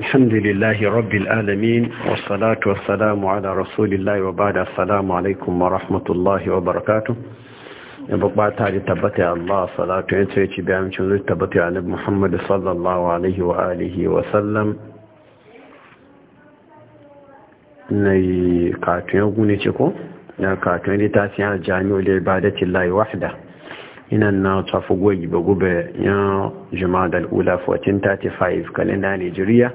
الحمد لله رب العالمين والصلاة والسلام على رسول الله وبعد السلام عليكم ورحمة الله وبركاته يبقى تعالي تبتي الله صلاة ينسيتي بأمن شنزل تبتي على محمد صلى الله عليه وآله وسلم ني كاتو يغوني تكو na katon littafin a jami'ar ibadatin layi wahda ina na tafi goyi ba gube yan jima'ar ula 1435 kalenda nigeria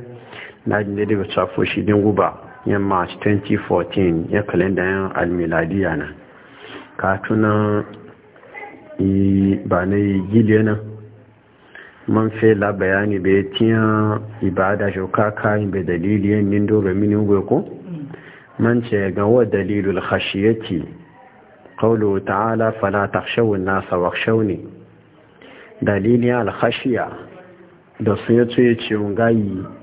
na da daidai tsafo shi din guba yan march 2014 ya kalenda yan almiladiya na katuna ba na yi gili na man fela bayani bai tiya ibada shauka kayan bai dalili yan nindo ga mini ko man ce ga wa dalilul khashiyati qawlu ta'ala fala takhshaw an-nasa wakhshawni dalilin al-khashiya da sun yace ce ngayi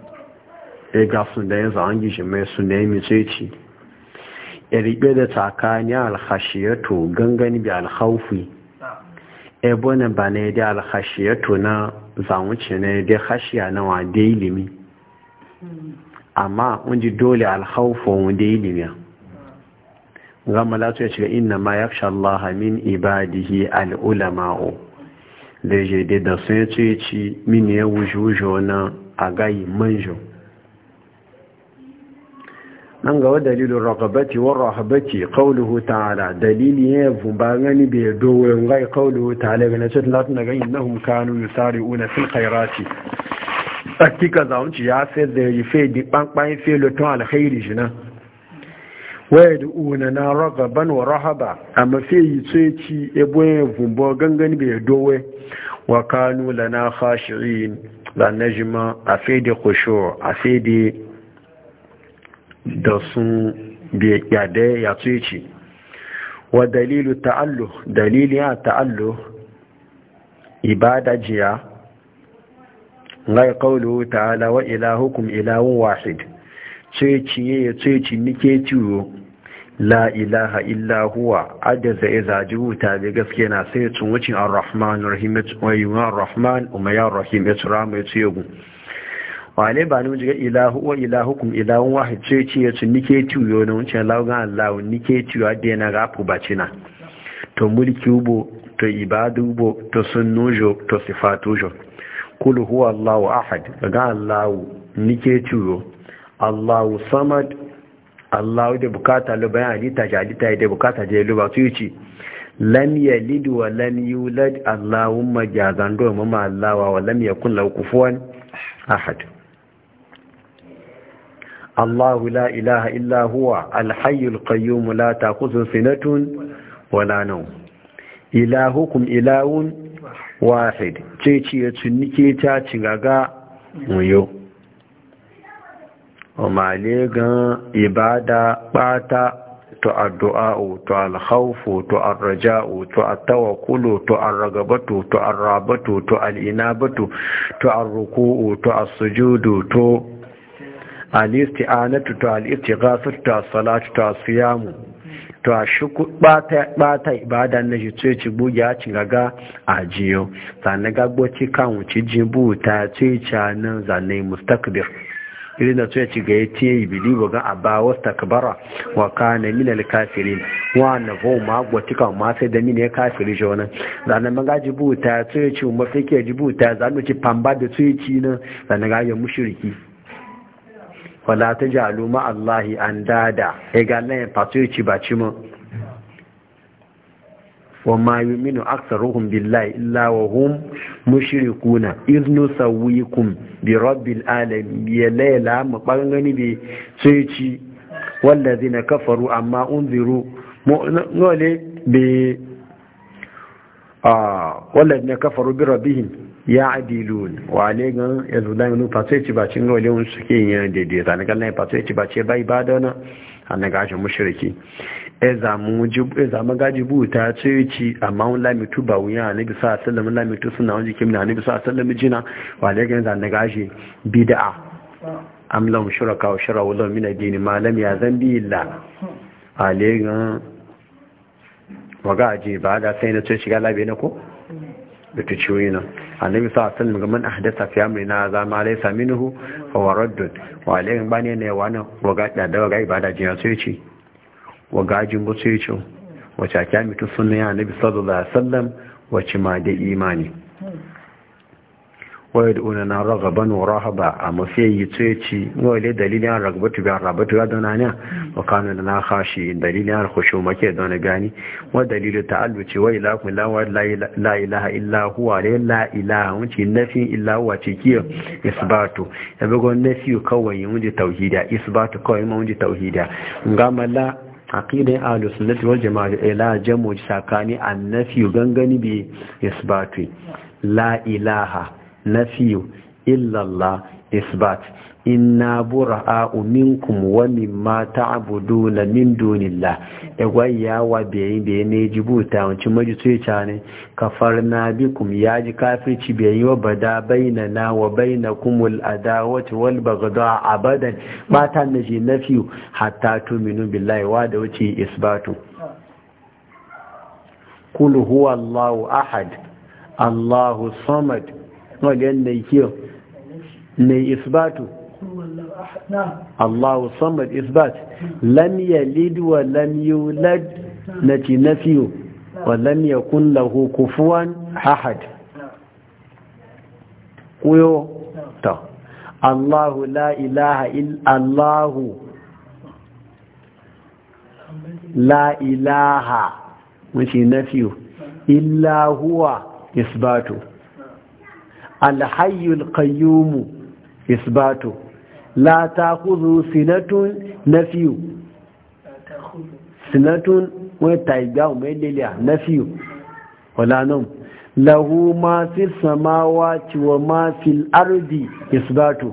ya ga da ya zawon gishi mai su nemi sai ya da tsakani alhashiyato gangani bi alhaufi ya bane ba na yadda alhashiyato na zawuce na yadda hashiya na wade ilimi amma wani dole alhaufo wade ilimi gama latu ya cika inna ma ya fi shallaha min ibadihi al'ulama'o da je da sun ya ce ci min ya na wuce wani agayi manjo an ga dalilin ragabati wa rahabati qawluhu ta'ala dalili ya vumba ngani be dowe ngai qawluhu ta'ala ga nasu lati na gani innahum kanu yusari'una fil khairati akika zaunci ya fe da yi fe di pankpan fe lo ton alkhairi jina wa yad'una na ragaban wa rahaba amma fe yi tsoci ebo ya vumba gangani be dowe wa kanu lana khashi'in la najma afedi khushu afedi da sun yade ya tsoci wa dalilu ta'allu dalilin ya ta'allu ibada jiya ngai qawluhu ta'ala wa ilahukum ilahun wahid tsoci ya tsoci nike ciwo la ilaha illa huwa ajaza iza juta da gaske na sai tun wucin ar-rahman rahim wa yuwa ar ma umayya rahim ya tsira mai tsiyogun wane ba ni jiga ilahu wa ilahukum ilahun wahid ce ce ya ci nike tiyo na wancan laugan allahu nike tiyo da na rafu bacina to mulki ubo to ibadu ubo to sunnujo to jo kul huwa allahu ahad ga allahu nike tiyo allahu samad allahu da bukata lo bayan hadita shi hadita da bukata je lo ba su yi ci lam yalid wa lam yulad allahumma jazan do mama allah wa lam yakun lahu kufuwan ahad الله لا إله إلا هو الحي القيوم لا تأخذ سنة ولا نوم إلهكم إله واحد تيتي يتنكي تاتي غاغا ويو وما ليغا إبادة باتا to addu'a'u to alkhawfu to arraja'u to attawakkulu to arragabatu to arrabatu to alinabatu to arruku'u to as-sujudu to al-isti'anatu to al gasu, to as-salatu to as-siyamu to a shi bata ibada na shi tsoye ci bugi a ci gaga a jiyo zane wuce jibu ta tsoye ci nan zane mustakbir iri na tsoye ci ga tiye ibili wagan abba wasu takbara wa ka na mina kafiri wa na vau ma gboci kan ma da mina ya kafiri shi wani zane maga jibu ta tsoye ci mafi ke jibu ta zane ci pamba da tsoye ci nan zane ga mushiriki wala ta jalu ma Allahi an dada ya gane ya fato ya ci ba ci mu wa ma yuminu ruhun billahi illa wa hum kuna, iznu sawikum bi rabbil alam ya laila mu bangani bi sai ci wallazina kafaru amma unziru ngole bi ah wallazina kafaru bi rabbihim ya adilun wale gan yanzu da yanu fasai ci bacin wale wani suke yin daidai zane kan lai fasai ci bace bai ba da wani an na gashin mushiriki e mu gaji ta ce ci amma wani lamitu ba wuya a nabi sa sallamin lamitu suna wani kim na nabi sa sallamin jina wale gan zane gashi bida'a am lahum shuraka wa shara lahum min ad-din ma lam yazan bi illa wale gan wa gaji ba da sai na ce shiga labe na ko da ciwo na annabi sa sallam ga man ahdatha fi amrina za ma laysa minhu fa huwa radd wa alayhi bani ne wani waga da da waga ibada jiya sai ce waga jin bu sai ce wace kyamitu sunna ya annabi sallallahu alaihi wasallam wacce ma da imani wayar na ragaban rahaba a mafi yi ci wale dalilin an ragabatu biyar rabatu ya dana ne wa kanu da na kashi dalilin an kusho make dana gani wa dalilu ta'allu ce wa ilahun lawa la ilaha illa huwa ne la ilaha wuce nafi illa huwa ce kiyo isbatu ya bugo nafi kawai wuce tauhida isbatu kawai ma wuce tauhida gama la aqidai ahlus sunnati wal jama'a ila jamu sakani annafi gangani bi isbatu la ilaha nafiyu illallah isbat inna bura'a'u ma ta mimma ta'buduna min dunillah e gwayya wa biyin da ne jibuta wancin majisoyi ne kafarna bikum ya ji kafirci biyi wa bada na, wa bainakumul adawati wal baghdha abadan mata na ji nafiyu hatta tuminu billahi wa da wuce isbatu kul huwa ahad allahu samad wajen na kiyo na isbatu Allah samad isbat lam yalid wa lam yulad na ci wa lam yakun lahu kufuwan ahad kuyo ta Allahu la ilaha il Allahu la ilaha wuce nafiyo illa huwa isbatu alhayyul qayyumu isbatu la takhudhu sinatun nafiyu sinatun wa taiga umedelia nafiyu wala nam lahu ma fi samawati wa ma fil ardi isbatu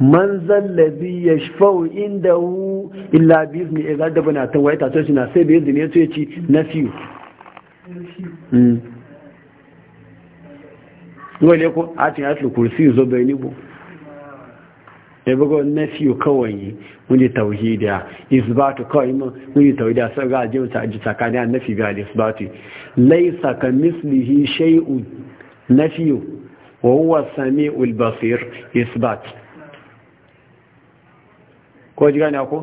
man zallazi ya shafau inda hu illa biyu ne ya zaɗa bana ta waye na sai bai zane su ya ci na fiye wale ko hatin atul kursi zo bai nibo ya e bugo na fiye kawai wani tauhidi a isbatu kawai ma wani da a sun gaje wata aji tsakani a nafi ga isbatu laisa ka mislihi shay'un nafiyu wa huwa sami ulbasir isbatu ko ji gane ko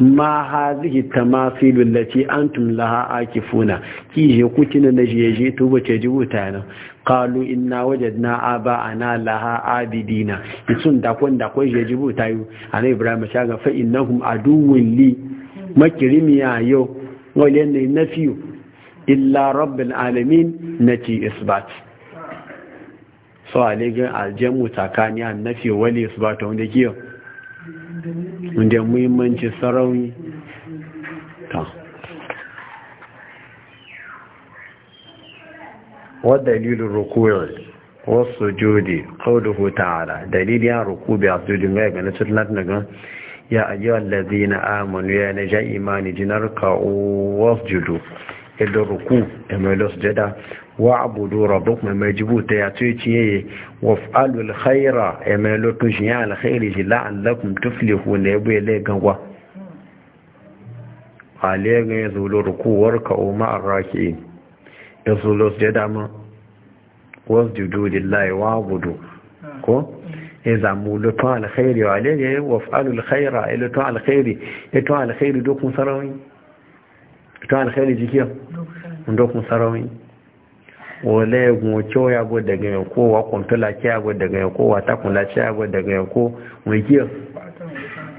ma hazihi tamasilu lati antum laha akifuna ki je kuki na je je to bace ji wuta na qalu inna wajadna aba ana laha abidina isun da kun da ko je ji wuta yu ana ibrahim ga fa innahum aduwwun li makrimiya yo wale ne fiyu. illa rabbil alamin nati isbat so alegan aljamu takani nafi wali isbat wanda giyo da muhimmanci sarauni ta wa dalilin rukuyar wasu jodi kawdahu ta'ala dalil ya ruku biya su jodi ga gani sunat na gan ya ajiyar lazina amonu ya na ja imani jinar ka'o wasu jodo ilu ruku emelos jada wa abudu rabbukum mai jibuta ya ce ciye wa fa'alul khaira ya mai lokacin ya alkhairi shi la'allakum tuflihu ne ya bai lai gangwa aliyar ya zulo rukuwar ka umma arraki ya zulo su ya dama wasu judu lillahi wa abudu ko ya zamu lokacin alkhairi wa aliyar ya wa fa'alul khaira ya lokacin alkhairi ya to alkhairi dokun sarawin to alkhairi jikiyar dokun sarawin wale ya gunwace ya bu daga yanko wa kwamfila ce ya bu daga yanko wa takula ce ya go daga yanko mai giya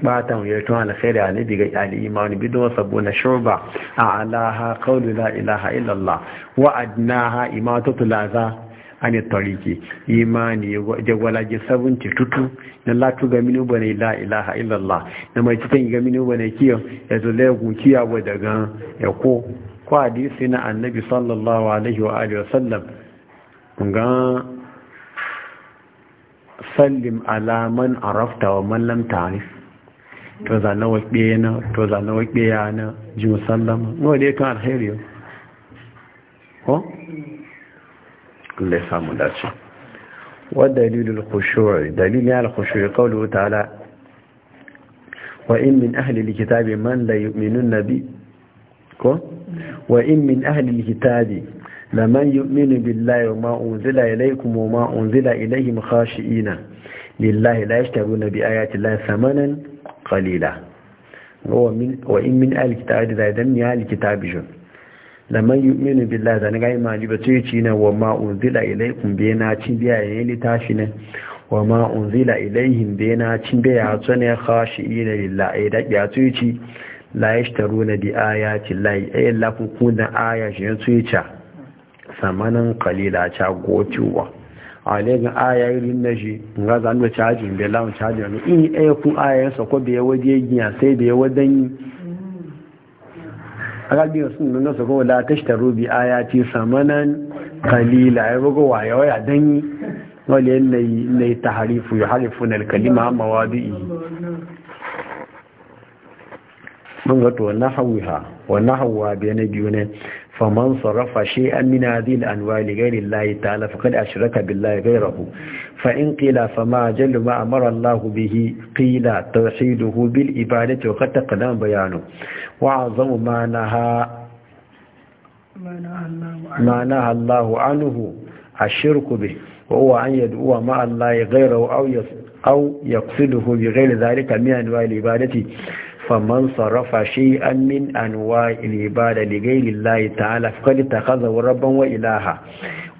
bata mu yarto ga ali diga bi iman bidwa na shuba a alaha qawlu la ilaha illa allah wa adnaha imatatu laza ani tariki imani jagwala ji 70 tutu na latu ga minu bane la ilaha illa allah na mai cikin ga minu bane kiyo ya zo le gu daga ya ko ko hadisi na annabi sallallahu alaihi wa alihi wasallam ga sallim ala man arafta wa man lam ta'rif to za na wakbe na to za na wakbe ya na ji musallama no dai kan alheri ko Allah ya samu dace wa dalilul khushu' dalilin al-khushu' qawluhu ta'ala wa in min ahli al-kitabi man la yu'minu bi ko wa in min ahlil kitabi laman yu'minu billahi wa ma unzila ilaykum wa ma unzila ilayhim khashi'ina lillahi la yashtaruna bi ayati llahi thamanan qalila wa in min ahli kitabi da dan ya ahlil jo jun laman yu'minu billahi da ga imani ba ce ci na wa ma unzila ilaykum bi na ci biya ne litashi ne wa ma unzila ilayhim bi na ci biya tsane khashi'ina lillahi da ya ce ci la yashtaruna bi ayati llahi ay eh, la kuna aya shi yanzu yace samanan qalila cha gochuwa alin aya irin na shi nga zan da caji be la caji ne in ay ku aya sa ko be waje giya sai be wadan aga bi sun nan sa ko la tashtaru bi ayati samanan qalila ay bugo waya waya yi wale ne ne taharifu yuharifuna al-kalima mawadi'i mun ga to nahawiha wa nahwa bi biyu ne faman sarafa shay'an min hadhihi al-anwa' li ghayri Allah ta'ala faqad ashraka billahi ghayrahu fa in kila qila fama jallu ma amara Allah bihi qila tawhiduhu bil ibadati wa qad taqaddama bayanu wa azamu ma naha ma naha Allah anhu ashirku bihi وهو أن يدعو مع الله غيره أو يقصده بغير ذلك من أنواع العبادة فمن صرف شيئا من أنواع العبادة لغير الله تعالى فقد اتخذه ربا وإلها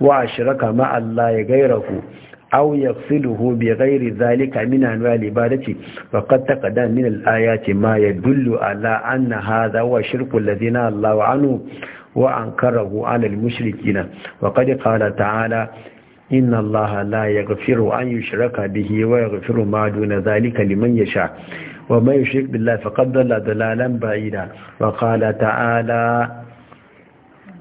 وأشرك مع الله غيره أو يقصده بغير ذلك من أنواع العبادة وقد تقدم من الآيات ما يدل على أن هذا هو الشرك الذين الله عنه وأنكره على المشركين وقد قال تعالى إن الله لا يغفر أن يشرك به ويغفر ما دون ذلك لمن يشاء ومن يشرك بالله فقد ضل ضلالا بعيدا وقال تعالى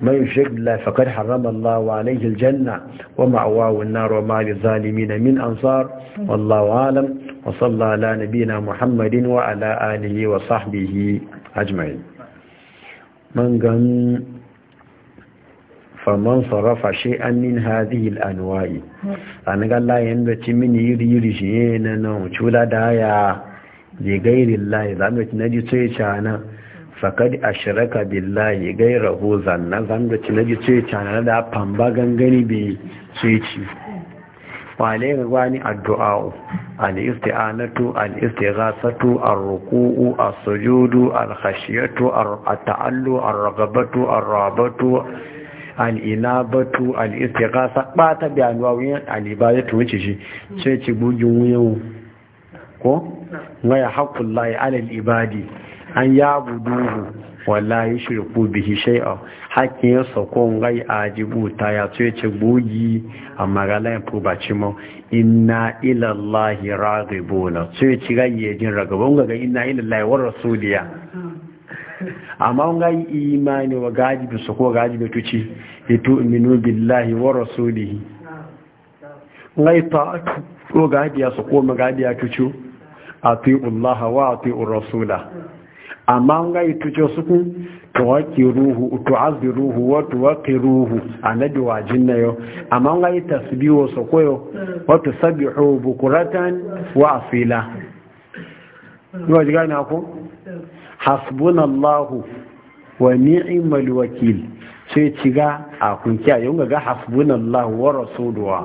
من يشرك بالله فقد حرم الله عليه الجنة ومعواه النار وما للظالمين من أنصار والله أعلم وصلى على نبينا محمد وعلى آله وصحبه أجمعين من قم فمن صرف شيئا من هذه الأنواع أنا قال لا la من ci mini شيئا yiri shi ne li gairi lahi zanwaci na ji tsoye cana fakad a shiraka billahi gaira zanna na ji tsoye cana da famba gangani bai tsoye ci wale gwani addu'a'u al-isti'anatu al-istighasatu ar-ruku'u as-sujudu al taallu ar-ragabatu ar-rabatu al-inabatu al ba ta wuyan alibadatu wuce shi ce ci bugin wuyan ko haƙƙun layi alal ibadi an ya buduhu wala yi shirku bihi shai'a hakin ya sako ngai a ta ya ya ce gogi a maralayin fubaci mau inna ilallahi ragibuna ce ci rai ya jin ga ga inna ilallahi wa rasuliya amma ga yi imani wa bi su ko bi tuci ya minu billahi wa rasulihi ngai ta'atu ko gajiya su ko ya tuci ati ati'ullaha wa ati rasula amma nga an ga ituce suku tuwaqiruhu tu'azziruhu wa tuwaqiruhu anabi wajin nayo amma an ga tasbihu sokoyo wa tusabbihu bukuratan wa asila yau ji gane ku hasbunallahu wa ni'mal wakil sai ciga a kunkiya yau ga hasbunallahu wa rasuluwa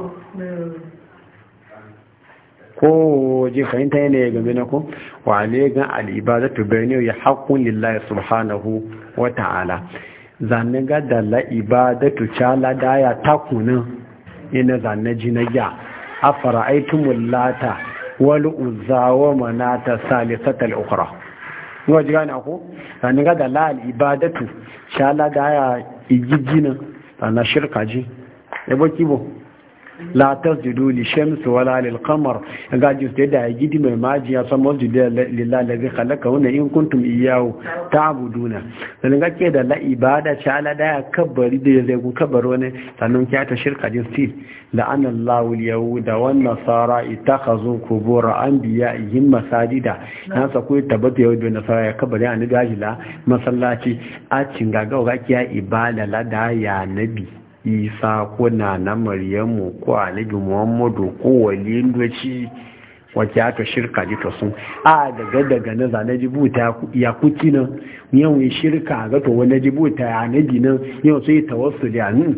kowaje fahimta yana game na ku. wa ne ga al'ibadatu bayani ya haƙun lillahi subhanahu wa ta'ala zanne ga da la'ibadatu cala daya takunan ina zane jinayya. a fara a mulata wani uzawa mana ta manata salisatal ukhra ngo ji gane ko zanne ga da la'ibadatu cala igijina na shirka ji ebo kibo la tasjudu li wala lil ga ji sai da gidi mai maji ya san masjid da zai khalaqa wa in kuntum iyyahu ta'buduna dan ga ke da la ibada cha ala da kabbari da zai ku kabbaro ne sannan kya ta shirka da sti la'ana Allahu al-yahuda wan nasara ittakhazu qubur anbiya'ihim masajida na sa ku tabbata da nasara ya kabbari annabi ajila masallaci a cingaga ga kiya ibada la da ya nabi isa ko na maryamu ko alibi muhammadu ko wali ndoci wace aka shirka ji ta sun a daga daga na zane jibuta ya kuki nan yau ya shirka ga to wani jibuta ya nabi nan yau sai tawassu da nun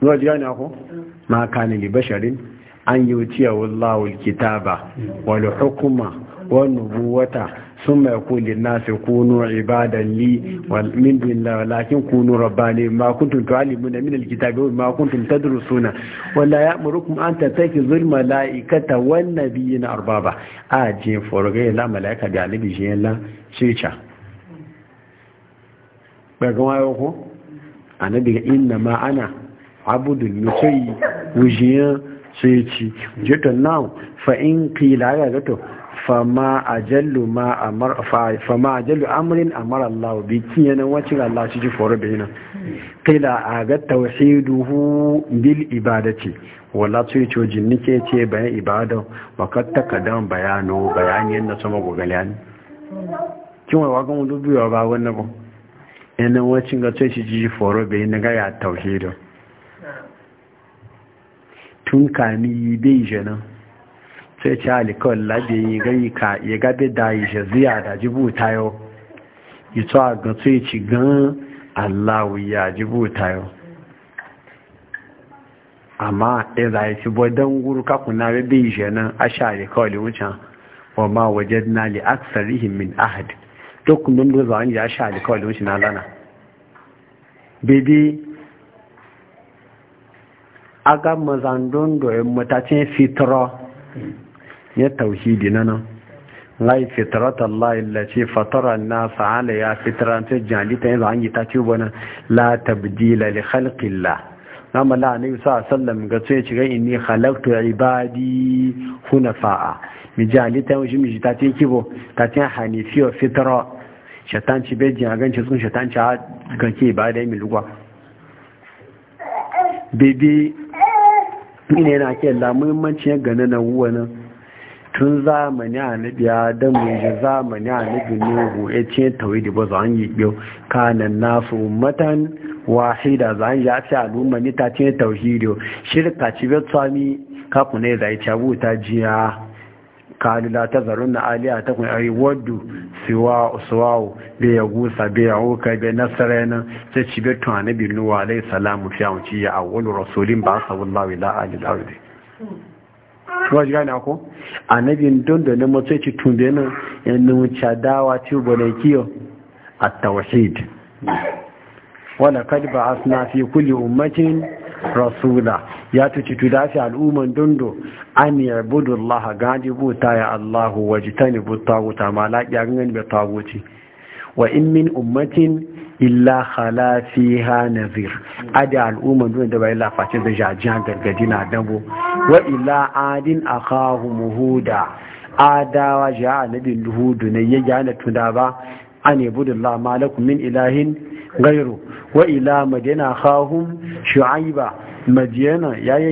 Yau jiya ne ako? Ma kane li basharin an yi wuciya wallahu kitaba wal hukuma wal nubuwata sun mai kulin nasu kunu ibadan li min dunillah lakin kunu rabbani ma kuntum tu'allimuna min alkitabi wa ma kuntum tadrusuna wala ya'murukum an tattakhizu almalaikata wan nabiyina arbaba a je forge la malaika ga alibi je la cica ba ga wayo ko annabi ga inna ma ana abudul musayi wujiyan sai ci jeto now fa in qila ga to fama ajallu ma amar fama ajallu amrin amara Allah bi kiyana wacin Allah shi ji foro bayina qila aga tawhiduhu bil ibadati wala tsoyi cojin nike ce bayan ibada wa ka takadan bayano bayani yanda sama gogalani kin wa ga mun dubiya ba wannan ba yana wacin ga tsoyi ji foro bayina ga ya tawhidu tun kami bai jana sai ce alikawar labe yi gai ka ya gabe da yi shaziya da jibuta yau yi a ga sai ci gan allahu ya jibuta yau amma ya zai ci don guru kakuna bebe yi shenan a sha alikawar wucin wa ma wajen na li aksarihin min ahad duk mun da zawon ya sha alikawar wucin na lana bebe aga mazandun da matacin fitro ya tauhidi na lai fitrat Allah illace fatara na ala ya fitran ta jalita yanzu an yi ta ce bana la tabdila li khalqillah amma la ne sa sallam ga ce ci ga inni khalaqtu ibadi hunafa'a mi jalita yanzu mi ta ce kibo ta ce hanifi wa fitra shaitan ci bai jin ganci sun shaitan ci a ganke ibada mi lugwa bebe ina yana ke la muhimmancin ganin na wuwa nan tun zamani annabi ne ya zamani annabi nuhu ya ce tawhidi ba zan yi biyo kanan nasu ummatan wahida zan ya ce al'umma ne ta ce da. shirka ci bi tsami kafu ne zai cabu ta jiya kalu la tazarun na aliya ta kun ai waddu siwa uswau be ya gusa bai ya bai nasarai nasarena sai ci bi to annabi Wa alayhi salamu fi awci ya awwalu rasulin ba sallallahu ila alihi wajen gane ko annabin don da nan matsayi ci nan yana wuce dawa ci gwane kiyo a tawhid wala kad ba asna fi kulli ummatin rasula ya tuci tuda fi al'umman dondo an yarbudu Allah gadi buta ya Allah wajtani bu taguta ma la ya ganin wa in min ummatin illa hala fiha nazir ada al'umman duk da bai lafacin da jajiya gargadi na dabo wa illa adin akahum huda adawa ja anabin hudu ne ya gane tunda ba an ibudullah malakum min ilahin gairu wa ila madina khahum shu'aiba madiyana ya yi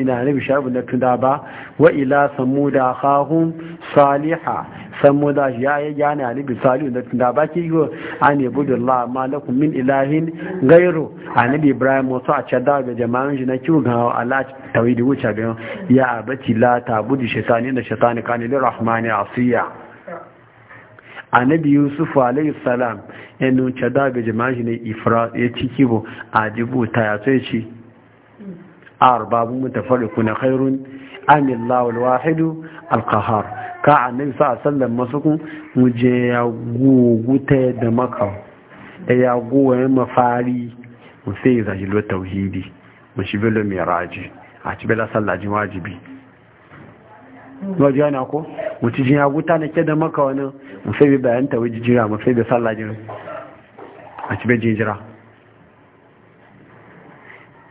ina na bi shabu na tuda ba wa ila samuda kahun saliha samuda ya yi ali bi alibi salihu na tuda ba ki yiwu a ne budullah ma lakum min ilahin gairu a ibrahim wasu a cada da jama'an shi na kiwu ga ala tawhidi wuce biyan ya abati la tabudu shaitani da shaitani kanilin rahmani asiya annabi yusuf alayhi salam ya nunce da ga shi ne ifra ya ciki bo a jibuta ya sai ci arbabu mutafarriku na khairun amillahu alwahidu alqahar ka annabi sa sallan masukun muje ya guguta da maka ya gowa mafari mu sai zaji lo tauhidi mu shibilo miraji a cibila sallajin wajibi yana ko mu ci jiya guta ke da maka wani mu sai bayan tawajijira mu sai da sallajin a cibila jinjira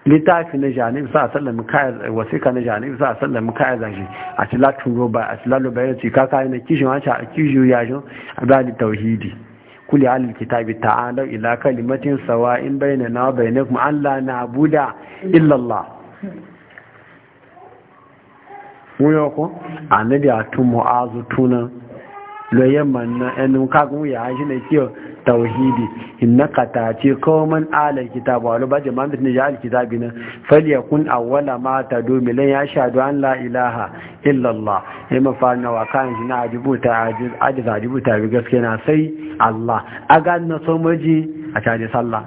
littafi na janibu sa sallam kai wasika na janibu sa sallam mukayar zashi a tilatun roba a tilalo bayan ci kaka kai na kishin a kishu yajin abali tauhidi kuli alil kitabi ta'ala ila kalimatin na bainana wa bainakum an la na'budu illa Allah a nabi a tun mu'azu tunan loyemman na enun kagun ya shi ne kiyo tauhidi inna ta ce kawman alal kitab wa lu baje man ne ya alkitabi falyakun awwala ma ta domin ya shahadu an la ilaha illa Allah sai na wa kan shi na ajibuta ajiz ajiz ajibuta bi gaske na sai Allah aga na so maji a caje sallah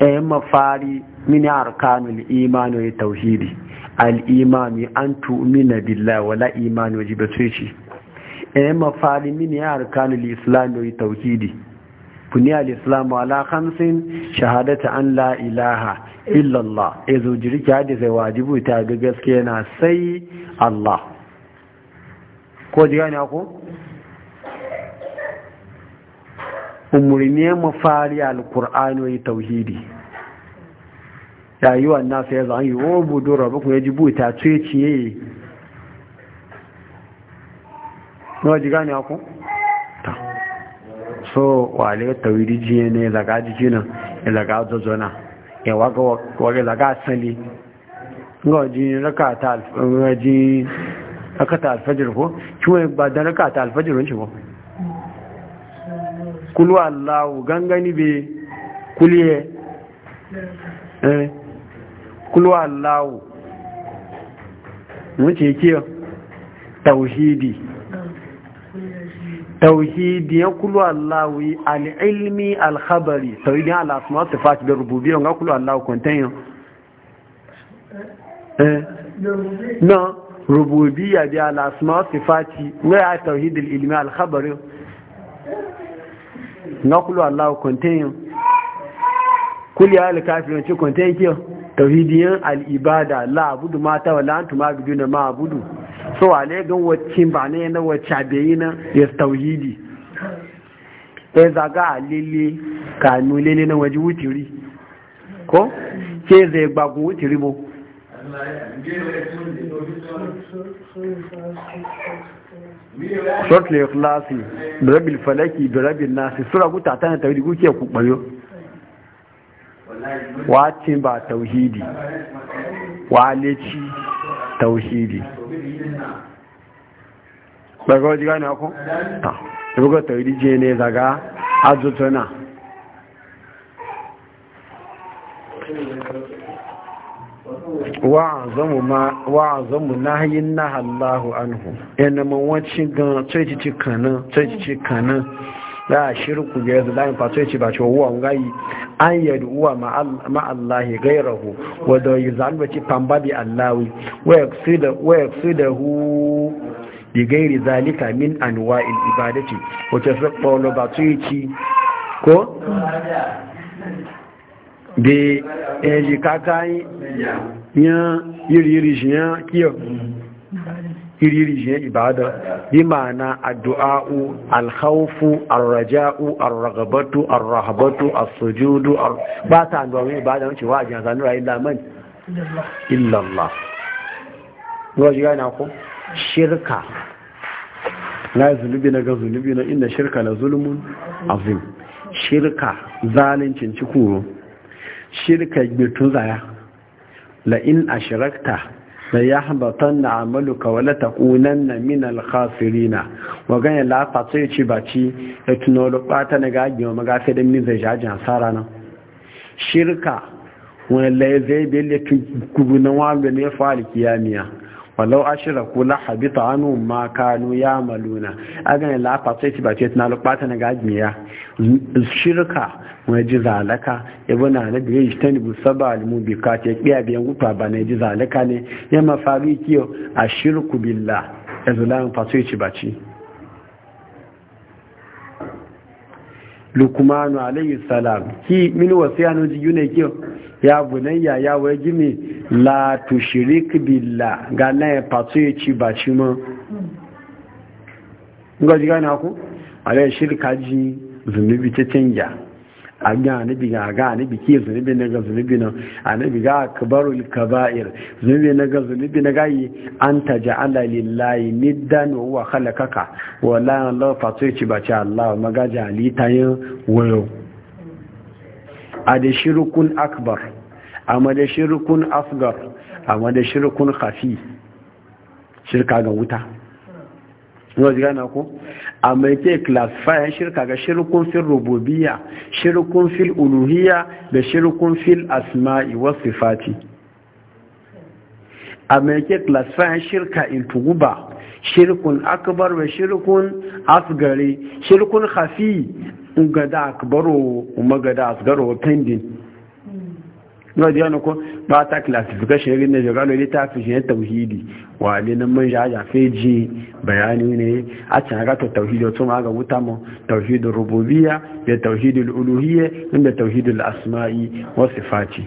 eh mafari min arkanul iman wa tauhidi al imani an tu'mina billahi wala iman wajibatu shi E, mafari mini ya arkanul islam yoyi tauhidi kuniya al-islam ala khamsin shahadata an la ilaha illa Allah ezo eh, jirki hadi sai wajibu ta ga gaske na sai Allah ko ji gane ko umurni mafari Alƙur'an qurani tauhidi yayi wannan sai an yi obudu oh, rabbukum yajibu ta ce ciye nawa ji gane ku ta so wale tawiri jiye ne daga jiki nan daga zazona ya waga waga daga asali ga alfajir ko kiwa ba da raka alfajir wanci ko kulu allahu gangani be kuliye eh kulu allahu wuce kiyo tauhidi tauhidi ya kulu allawi al-ilmi al-khabari tauhidi ala asma wa sifat da rububiyyah ga kulu allawi kontenyo na eh? no rububiyya bi ala asma wa sifati wa tauhid al-ilmi al-khabari ga kulu allawi kontenyo kuli ya alikafi yanci ci kontenyo ya al-ibada la abudu mata ma ta ma abudu na ma abudu so a ga wacce ba ne na wacce bayi na ya tauhidi ya e zaga a lele kanu lele na waje wuturi ko ce zai gbagun wuturi bo short lay lasi da falaki birabil nasi sura guta ta na tauhidi kuke ku bayo wacin ba tauhidi waleci tauhidi daga wajen gane ku? ta ruga tauri je ne daga azutuna wa'azamu nahayin na ah, Allahu anhu yana mawacin gan tsoci la shirku ga yanzu layin fato ya ce ba cewa wuwan gayi an yadda uwa ma'allahi gairahu wadda yi zanuwa ce bi allawi wa ya fi da hu bi gairi zalika min anuwa ibadati wacce su ɓaunar ba su yi ci ko? da eh, ya ji kakayi yan yiri-yiri shi yan kiyo kiriri shi ibada bi ma'ana addu'a'u alhaufu, arraja'u arragabatu arrahabatu as ba ta anduwa wani ibada wace wa ajiyar zanura illa mani. illallah ruwa jiya na ku shirka na zunubi na ga zunubi na inda shirka na zulmun azim shirka zalincin cikuru shirka gbetun zaya la in a shirakta la amaluka wala la takunanna min al-khasirina wa ga la ta ce ci baci da lo pata na ga ma ga da min zai jaji asara na. shirka wani la zai bele kubu na wa ne fa kiyamiya walau ashira ko la habita anu ma kanu ya maluna agan lafa sai ti bace tana lo pata na gajmiya shirka mai ji zalaka ibuna na biye ishtani bu saba alimu bi ka ce biya biyan gupa ba ne ji zalaka ne ya mafari kiyo ashirku billah ezulan patse ci bace lukmanu alayhi salam ki minu wasiya no ji yune ki ya bunayya ya waye gimi la tushrik billah ga na e patu ya e ci ba ci mo ngo ji na ku alayhi shirka ji zunubi ta canja an yi anabi ga ga anabi ke zunubi na ga zunubi na anabi ga kabarul kaba'ir zunubi na ga zunubi na gayi an ta ja'ala lillahi niddan wa khalaqaka wa la la fatu ci ba ci Allah maga jali tayin wayo a da shirkun akbar amma da shirkun asgar amma da shirkun khafi shirka ga wuta yau gana ku a mai shirka ga shirkun fil rububiya shirkun fil uluhiya da shirkun fil asma'i wa sifati a mai ke shirka in tuguba shirkun akbar wa shirkun asgari shirkun khafi gada akbaro magada asgaro pending yau da yana ko ba ta classification ne ne jogalo ne ta fi shi tauhidi wa ne nan man ja ja feji bayani ne a can ga to tauhidi to ma ga wuta mu tauhidul rububiyya da tauhidul uluhiyya da tauhidul asma'i wa sifati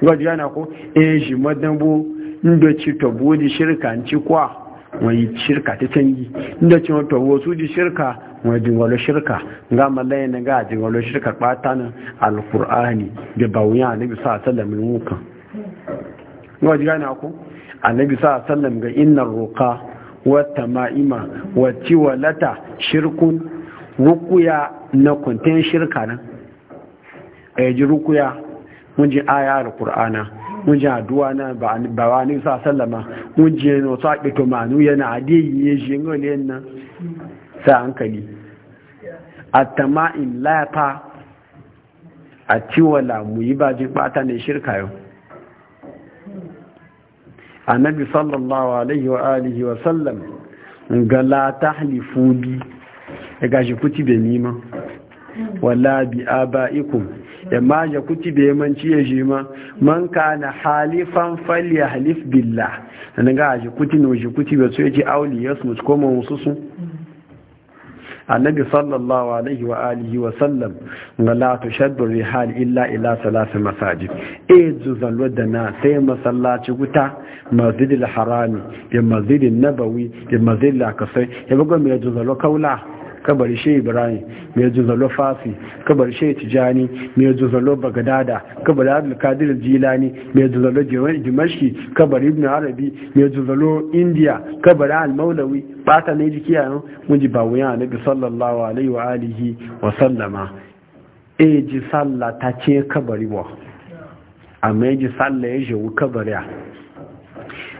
yau da yana ko eh shi madan bu ndo ci to bodi shirkan ci kwa wani shirka ta canji inda cin wato wasu ji shirka wani jingwalo shirka ga malaye na ga jingwalo shirka ɓata na alkur'ani da ba wuya annabi sa sallam min mukan ga ji gane ku annabi sa sallam ga innar roka wata ma'ima wacce walata shirkun rukuya na kwanten shirka nan a yaji rukuya mun ji aya alkur'ana Mun ji haduwa na ba wa ni sa sallama yana wata haɗe tumanu yana yi ya shi ngole yana sa hankali a in lafa a ciwo lamu yi ba jin ɓata ne shirka yau a bi sallallahu alaihi wa alihi wa sallam ga la halifu bi ga shi kuti da nima wala bi aba'ikum Yamma ya kuti da manci ya shi ma man na halifan fali ya halif billa. na ga a kuti na ji kuti ba so ya ji auli ya su mutu koma su su annabi sallallahu alaihi wa alihi wa sallam ga la rihal illa ila salasa masajid e zuzalwa da na sai masallaci wuta? masjidil harami ya masjidin nabawi ya masjidil akasai ya bugo mai zuzalwa kaula kabar shi ibrahim mai zuzalo fasi kabar shi tijani mai zuzalo bagadada kabar abdulkadir jilani mai juzalo dimashki kabar ibn arabi mai zuzalo india kabar al-maulawi bata ne jiki mun ji ba wuya annabi sallallahu alaihi wa alihi wa sallama e ji sallah ta ce kabari ba amma ya e ji sallah ya je kabari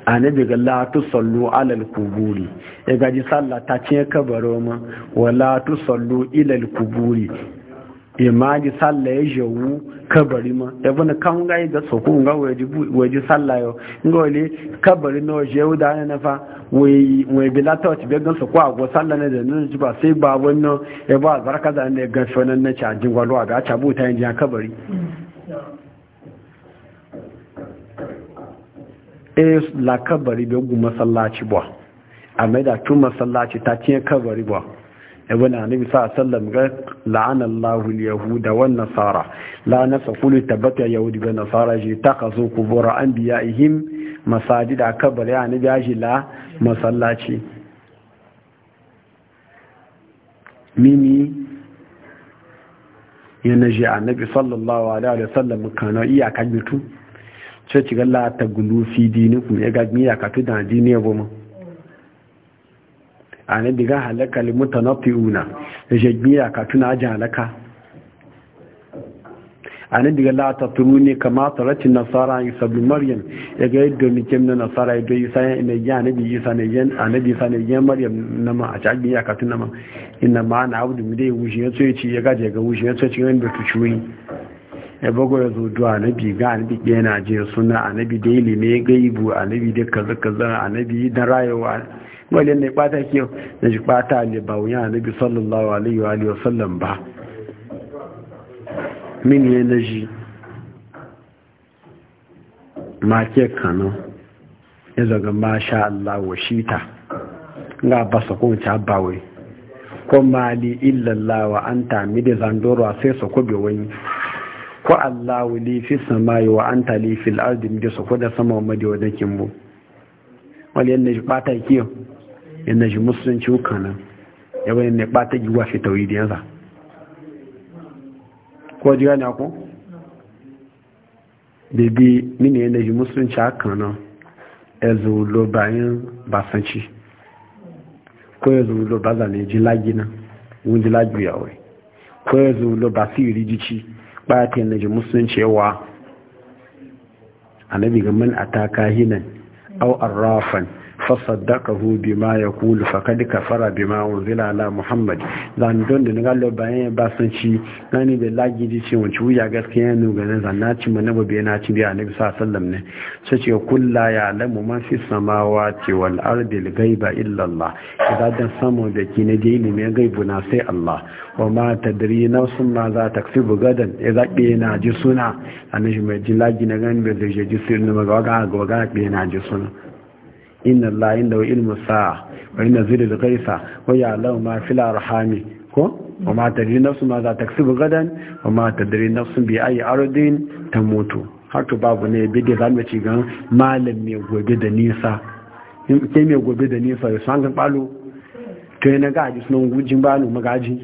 annabi ga la tusallu ala al ya gaji sallah ta ce kabaro ma wala tusallu ila al-quburi imaji e sallah ya jawu kabari ma ya e kan gai ga soko ga waje sallah yau wale kabari na waje yau da ana nafa wai bilata wacce bai gan soko a sallah na da nuna ji ba sai ba wannan ya e ba zarka da ne ga shonan na cajin gwalo a ga cabu ta yin e la kabari bai gu masallaci ba a mai da tun masallaci ta ciye kabari ba e ibn annabi sa sallam ga la'ana lahul yahuda wan nasara la nasa tabbatar tabata yahudi ga nasara ta ji takazu kubur anbiya'ihim masajid a kabari annabi ya ji la masallaci mimi yana ji nabi sallallahu alaihi wasallam kana iyakar mutu ce ta gulu fi dini kun ya ga ya ka da dini ya goma a ne diga halaka li una ya je ka na ajin halaka a ne diga la ta turu ne kama tarati nasara yi sabu maryam ya ga yadda ni kem na nasara ya yi sayan ina yi anabi ne yan anabi ne na ma a ci ya ka na ma ina ma na abu da mu dai wuce ya ce ya ga ga wuce ya wani da ya bago ya zo duwa anabi ga anabi ɗaya na je suna anabi da ilimi gaibu anabi da kaza kaza anabi na rayuwa wani ne ɓata ke na ji ɓata ne ba wuya anabi sallallahu alaihi wa sallam ba min ya na ji ma ke kano ya zaga ma sha Allah wa shita ga basa ko ta bawai ko mali illallah wa anta mi da zandoro sai su kobe wani ko allah li fi samai wa anta tali fil ardi mu so ko da sama wa madi wadan kin bu wal yanne ji bata kiyo yanne shi musulunci kana ya bayan ne bata ji wa fi tauhidi yanzu. ko ji gane ko bibi mini yanne shi musulunci kana ezu lo bayan basanci ko ezu lo bazane ji lagina wun ji lagu yawe ko ezu lo basiri yi ci ɓata na ji musulunci annabi ga man ataka hinan au arrafan fasaddaqahu bima yaqulu faqad kafara bima unzila ala muhammad zan don da ngalo bayan ba san ci nani da lagi ji ci wanci wuya gaskiya ne ga zan na ci mana ba na ci bi na sallallahu sallam ne sai ce kulla ya lamu man fi samawati wal ardi al ghaiba illa allah idan dan samu da ki ne da ilimin gaibu na sai allah wa ma tadri nafsun ma za ta kasibu gadan idan zaɓe na ji suna annabi mai ji lagi na gani bai zai ji sirrin maga ga ga be na ji suna inna Allah inda wa ilmu sa'a wa inna zuri da gaisa wa ya Allah ma fila rahami ko wa ma tadri nafsu ma za ta kasu gadan wa ma tadri nafsu bi ayi arodin ta mutu har to babu ne bidi zan mace gan malam mai gobe da nisa in ke mai gobe da nisa ya san gan balo to ne ga ji sunan gujin balo magaji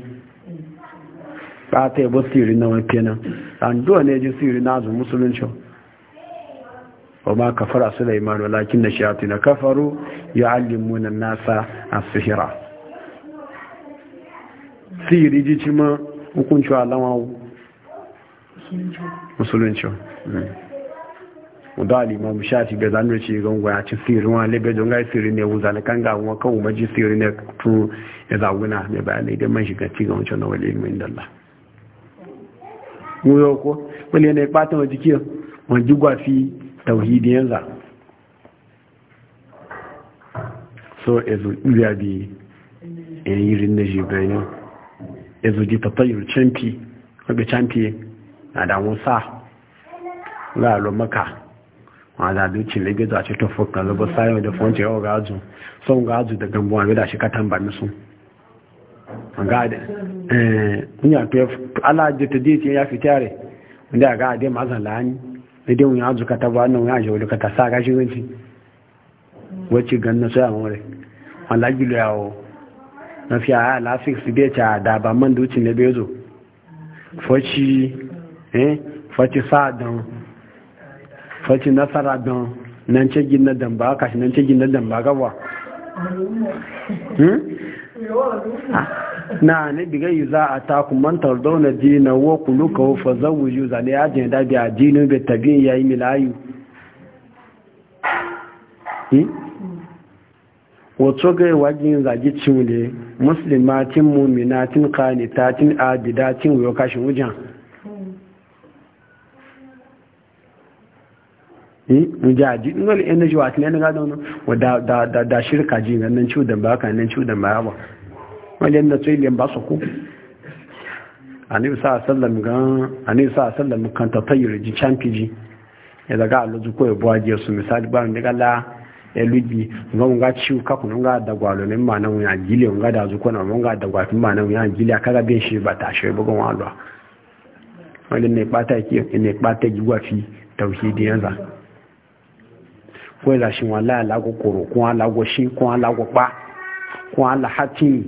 ba ta yabo sirri na wani kenan an ne ji sirri na azu musulunci وما كفر سليمان ولكن الشياطين كفروا يعلمون الناس السحر في ji ci ma hukunci alama musulunci wadda alimamu shafi bai zanen ce gangwa ya ci sihiri wani lebe don gai sihiri ne wuza na kan gawa kan sihiri ne tun ya zaguna mai bayanai don man shiga ci ga wancan na wale dalla mu ko wani yanayi ɓatan wa jikiyar tauhidi yanzu so ezu izabi yayirin na jibanin ezu ji tattayar campi wabe campi na damun sa lalo maka wanda da cile lagos a cikin fuka zuba sayon da fonce yau ga azu son ga azu da gambuwa mai da shi katan ba nisu ga da eh kunya to ala ta dace ya fitare wanda ga ade mazan lani da dai wani azuka ta ba nan wani aje wani kata sa gashi wanci wacce ganna su a more Allah gilo yawo na fi a la six bai ta da ba man da wucin da zo faci eh faci sa don faci nasara don nan ce gin na dan ba kashi nan ce gin na dan ba gawa hmm ah. na ne biga yi za a ta mantar dauna dina wa kuluka wa fazan wuju zane ya jin da a dinu bai tabi ya yi milayu wato ga wajen zagi cinule musulmatin muminatin adida tin wuyo kashin wujan jaji in wani yan nashi wasu ne na gada wani da shirka ji nan ciwo da baka nan ciwo da ba wajen da tsoyi ba su ku anibi sa sallam gan anibi sa sallam kan ta tayyir ji champiji ya daga aluzu ko ebo jiya su misali ba ni kala eluji nga nga ciu ka kun nga da gwalo ne ma na wuya gile nga da zuko na nga da gwa ma na wuya a kaga bin shi ba ta shi bugun walwa wani ne bata ki ne bata ji wafi tauhidi yanzu ko da shi wallahi lago koro ko lago shi ko lago ba ko Allah hatim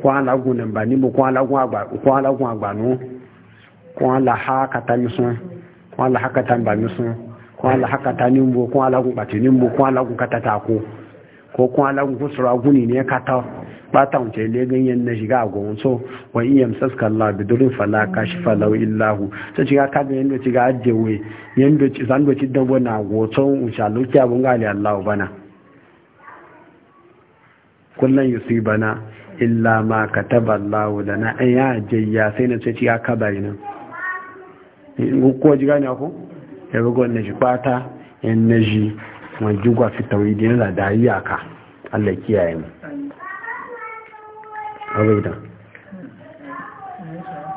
kwan lagun nan ba ni bo kwan lagun agba kwan lagun agba nu kwan la ha kata mi sun kwan la ha kata ba mi sun kwan la ha kata ni bo kwan lagun pati ni bo kwan lagun kata ta ko ko kwan lagun ku sura guni ne kata ba ta unce le ganyen na shiga go so wa in yamsaska Allah bi durin fala kashifa law illahu to shiga ka ga yando shiga ajjewe yando ci zan do ci dan bona go to insha Allah ki abun ga Allah bana kullun yusibana illa ma kataba Allah lana an ya jayya sai na ce ya kabari nan ko ji gani ko ya bugo na shi fata in na ji mun jugwa fi tawidi na da iyaka Allah kiyaye mu Abuda.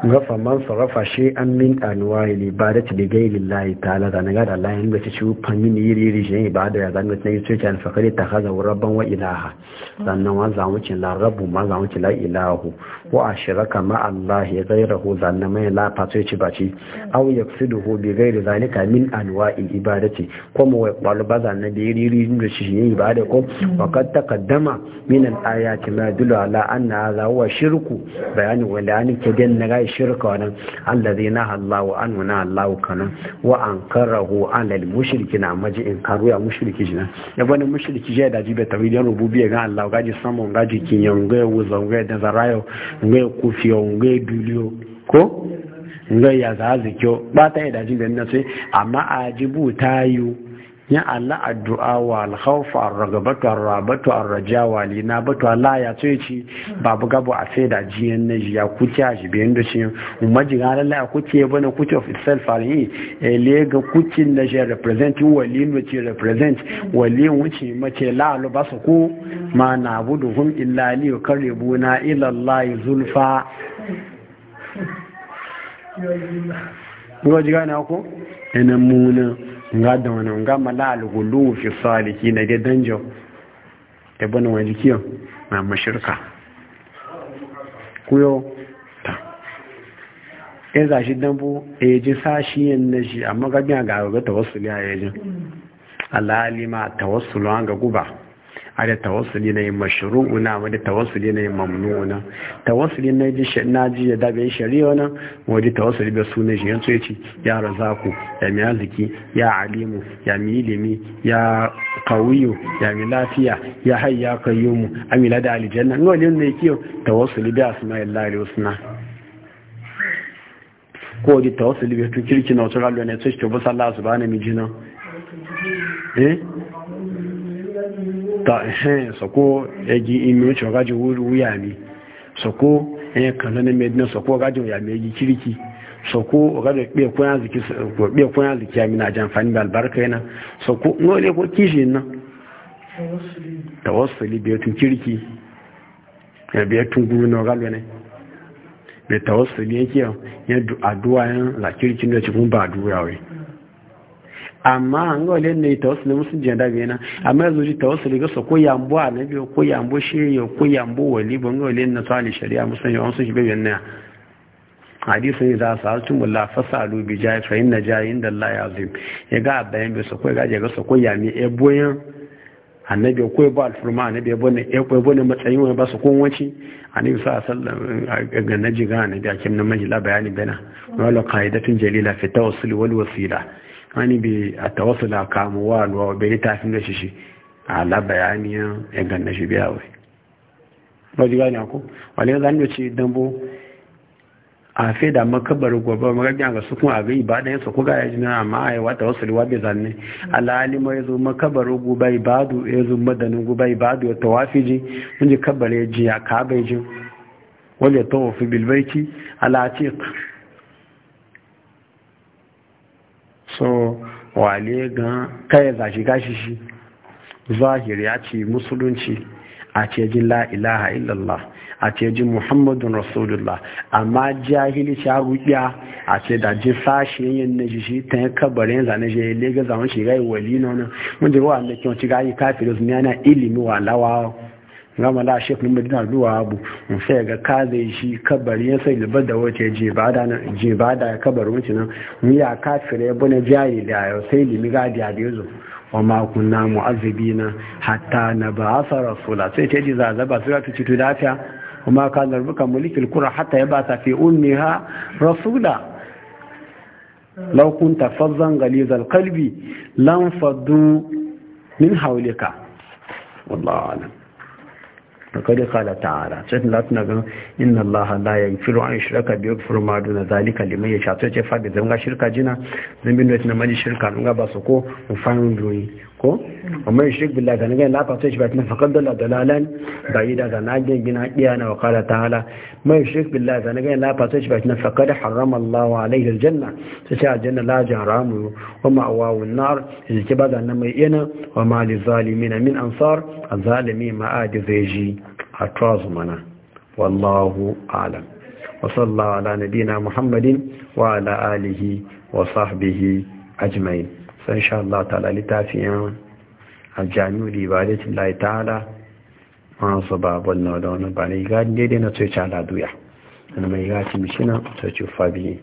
gafa man sarrafa shi an min anuwa da ibada ta bigai lillahi ta'ala da na gada Allah ya nuna ta ciwo fannin yiri yiri shi ibada ya zanga ta yi tsoki alfakari ta haza rabban wa ilaha sannan wa zamuci la rabu ma zamuci la ilahu wa ashraka ma Allah ya ghayrahu zanna mai la ya ci baci aw yafsiduhu bi da zanika min anwa'il ibadati kuma wai ba zanna da riri da shi ne ibada ko wa kad taqaddama min al ayati ma dulu ala anna hadha huwa shirku bayani wanda an ke den na gai shirka wannan alladhina Allahu an na Allahu kana wa an ankarahu ala al na maji in karu ya mushriki jina ya bani mushriki je da jibe tawidin rububiyya ga Allah gaji samun gaji kinyan ga wuzan ga da zarayo ngai kufiyo ngai duliyo ko ngai ya zazi kyo ba ta yi daji ganin sai amma ajibu ta yiwu ya Allah addu'a wa alkhawf ar-ragabatu ar-rabatu ar-raja wa lina batu Allah ya ce babu gabo a sai da jiyan na ya kuce a jibe inda shi umaji ga Allah kuce bana kuce of itself alhi ele eh, ga kucin da je represent walin wace represent walin wuce mace la alu basu ku ma nabuduhum illa li yuqarribuna ila Allah zulfa ngoji ga na ko ina muna nga da wani nga mala algulu fi saliki na ga danjo da e bani wani kiyo na mashirka kuyo ta e za shi dambu e ji sashi yin na shi amma ga a ga ga tawassuli a yajin alalima tawassulu an ga guba ada tawassuli na mashru'u na wadda tawassuli na mamnu'u na tawassuli na ji na ji da bai shari'a na wadda tawassuli da sunan shi yanzu yace ya razaku ya mi arziki ya alimu ya mi ilimi ya qawiyu ya mi lafiya ya hayya kayyumu amila da aljanna no ne ne kiyo tawassuli Asma'il asma'illahi husna ko di tawassuli bai to kirki na wato gallo ne sai to ba sallah subhanahu wa ta'ala eh ta ẹ̀hẹ́n sọ̀kó ẹgì imi oúnjẹ ọgájì wúrú wúyà mi sọ̀kó ẹ̀yẹn kan lọ́nà mẹ́dínà soko ọgájì wúyà mi ẹgì kíríkì sọ̀kó ọgájì pé ẹ̀kọ́ yà zìkì àmì nàjà àǹfààní bá albarka yana sọ̀kó ní ọlẹ́ kó kíṣì tawassuli bí ẹtún kíríkì ẹbí ẹtún na náà ọgá lọ́nà tawassuli yẹn kí ẹ yẹn àdúrà yẹn làkíríkì náà ti fún bá amma an ga wale ne tawassuli musun jiya daga yana amma yanzu ji tawassuli ga so ko yambo annabi ko yambo sheyo ko yambo wali ban ga wale na tsali shari'a musun yawan su shibe yana hadisin za su harcin mulla fasalu bi jayi fa inna jayi inda Allah ya azim ya ga bayan bai so ko ga ga so ko yami e boyan annabi ko ba alfurma annabi ba ne ya ko ne matsayin wani ba su kun wanci annabi sa sallam ga naji ga annabi akim na majila bayani bana wala qaidatun jalila fi tawassul wal wasila wani bi a tawasula kamuwa wa bai tafin da shi shi ala labayaniyan ya ganna shi biya wai wajen gani ako wani yanzu hannu ce dambo a fe da makabar gwaba magabin ga su kuma abin ga ibada yansa ko ga ya jina amma a yi wata wasu liwa bai zanne alalima ya zo makabar gobe ibadu ya zo madanin gobe ibadu ya tawafi ji wani ji kabar ya ji ya kaba ji wani ya tawafi bilbaiki ala atiq so wale gan kai zashi gashi shi zahiri ya ce musulunci a ce jin la illallah a ce jin muhammadun rasulullah amma jahili sha rukiya a ce da ji sashi yin na shi ta yi kabarin zane shi ya lega zaman shi gai wali nuna wani wanda wa da kyau ci ne yana ilimi wa lawa gama da shek lullu dina zuwa abu sai ga ka shi kabari ya sai libar da wace je ba da kabarin wace nan mu ya kafira ya bane jari da yau sai limi gadi ya da wa ma kunna na hatta na ba asa rasula sai ta yi zazaba sai ta ci lafiya wa ka kana ka mulkin kura hatta ta fi ha rasula laukun tafazzan fazzan ghalizal qalbi min haulika wallahu a'lam da kare kala ta'ara sai da tana ga inna allaha la yaghfiru an shirka bi yaghfiru ma duna zalika liman yasha to ce fa da zanga shirka jina zambin da tana mani shirka dun ga ba su ko mu fahimu ko amma ya shirk billah ganin ganin lafa sai shi batin faƙar dala dalalan ba yi daga na gina iya na wakala ta hala mai shirk billah ganin ganin lafa sai shi batin faƙar haram Allah wa alaihi aljanna sai ce aljanna la jaramu wa ma'awawu nar ya ke ba na mai yana wa ma li zalimina min ansar azalimi ma'adi zai ji a trazu mana wallahu alam wa sallallahu ala nabina muhammadin wa ala alihi wa sahbihi ajma'in sai insha Allah ta'ala littafin aljami'u libadatin lai ta'ala masu babon na da wani bane ga daidai na tsoci aladuya wani mai gaci mishina tsoci fabi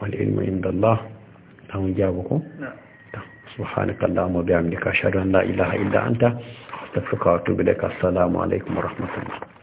wal ilmu inda Allah ta hun gyabu ku subhanaka Allahumma bihamdika ashhadu an la ilaha illa anta astaghfiruka wa atubu ilaik assalamu alaikum wa rahmatullahi